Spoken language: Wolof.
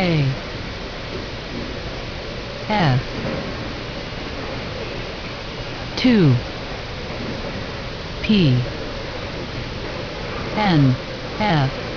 A F two P N F